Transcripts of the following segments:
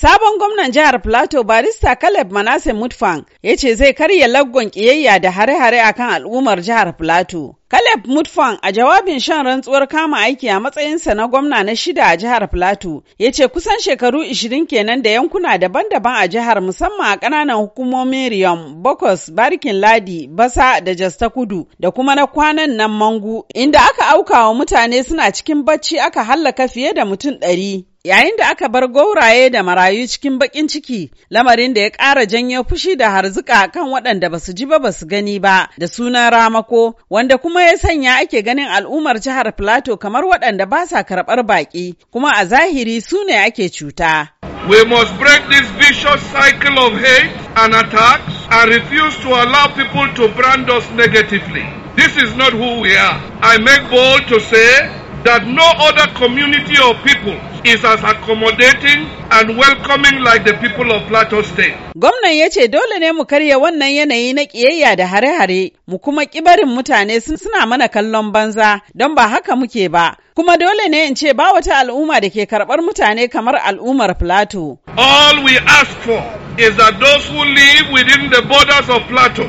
Sabon gwamnan jihar Plateau barista Caleb Manasse Mutfang ya ce zai karya laggon kiyayya da hare-hare a kan al'ummar jihar Plateau. Caleb Mutfang a jawabin shan rantsuwar kama aiki a matsayinsa na gwamna na shida a jihar Plateau ya ce kusan shekaru 20 kenan da yankuna daban-daban a jihar musamman a ƙananan hukumomin Riyom, Bokos, Barikin Ladi, Basa da Jasta Kudu da kuma na kwanan nan Mangu inda aka auka wa mutane suna cikin bacci aka hallaka fiye da mutum ɗari. Yayin da aka bar gauraye da marayu cikin bakin ciki, lamarin da ya ƙara janyo fushi da harzuka kan waɗanda ba su ji ba ba su gani ba da sunan ramako, wanda kuma ya sanya ake ganin al'ummar jihar Filato kamar waɗanda ba sa karɓar baƙi, kuma a zahiri su ne ake cuta. We must break this vicious cycle of hate and attack and refuse to allow people to brand us negatively. This is not who we are. I make bold to say that no other community of people is as accommodating and welcoming like the people of Plateau State. Gwamnan ya ce dole ne mu karya wannan yanayi na ƙiyayya da hare-hare, mu kuma ƙibarin mutane sun suna mana kallon banza don ba haka muke ba. Kuma dole ne in ce ba wata al'umma da ke karɓar mutane kamar al'ummar Plateau. All we ask for is that those who live within the borders of Plateau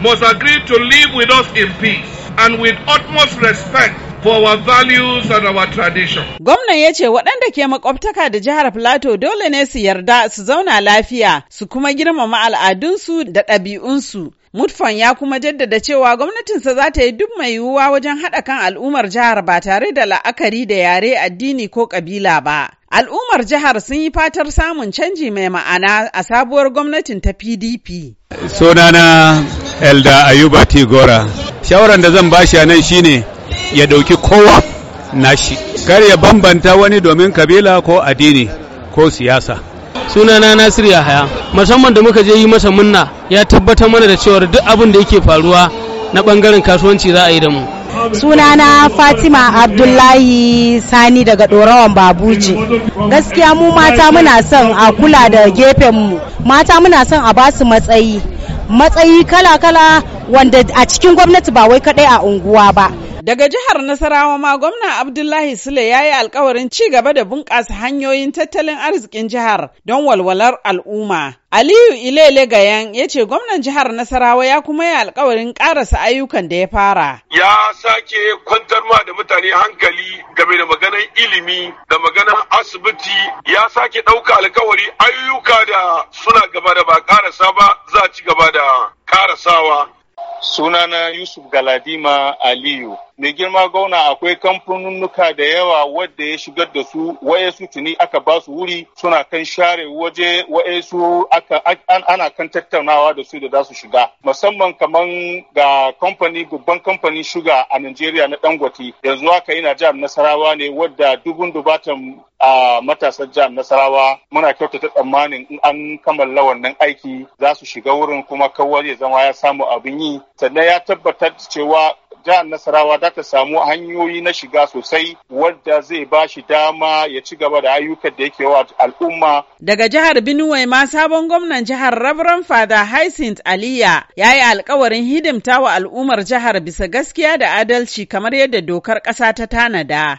must agree to live with us in peace and with utmost respect for our values and our tradition. Gwamnan ya ce waɗanda ke makwabtaka da jihar Filato dole ne su yarda su zauna lafiya su kuma girmama al'adunsu da ɗabi'unsu. Mutfan ya kuma jaddada cewa gwamnatinsa za ta yi duk mai yiwuwa wajen haɗa kan al'ummar jihar ba tare da la'akari da yare addini ko ƙabila ba. Al'ummar jihar sun yi fatar samun canji mai ma'ana a sabuwar gwamnatin ta PDP. Sunana Elda Ayuba Tigora. Shawaran da zan bashi a nan shine ya dauki kowa nashi kar ya bambanta wani domin kabila ko addini ko siyasa sunana nasiru yahaya musamman da muka je yi masa munna ya tabbatar mana da cewa duk abin da yake faruwa na bangaren kasuwanci za a yi da mu sunana fatima abdullahi sani daga dorawan babuji gaskiya mu mata muna son a kula da gefen mu mata muna son a basu matsayi matsayi kala-kala wanda a cikin gwamnati ba wai kadai a unguwa ba Daga jihar Nasarawa ma gwamna Abdullahi Sule ya yi alkawarin ci gaba da bunƙasa hanyoyin tattalin arzikin jihar don walwalar al'umma. Aliyu Ilele Gayan ya ce gwamnan jihar Nasarawa ya kuma yi alkawarin ƙarasa ayyukan da ya fara. Ya sake kwantar ma da mutane hankali game da maganar ilimi da maganar asibiti ya sake ɗauka alkawari ayyuka da suna gaba da ba ƙarasa ba za ci gaba da karasawa. Sunana Yusuf Galadima Aliyu. Mai girma gauna akwai kamfanunuka da yawa wadda ya shigar da su wayesu tuni aka ba su wuri suna kan share waje wayesu ana kan tattaunawa da su da za su shiga. Musamman kamar ga kamfani babban kamfanin shuga a Najeriya na Dangote yanzu haka yana jihar Nasarawa ne wadda dubun dubatan a matasan jihar Nasarawa muna kyautata tsammanin in an kammala wannan aiki za su shiga wurin kuma kawai ya zama ya samu abin yi sannan ya tabbatar cewa jihar Nasarawa za ta samu hanyoyi na shiga sosai wadda zai ba shi dama ya ci gaba da ayyukan da yake wa al'umma. Daga jihar Benue ma sabon gwamnan jihar Reverend Father Hyacinth Aliya ya yi alkawarin hidimta wa al'ummar jihar bisa gaskiya da adalci kamar yadda dokar ƙasa ta tanada.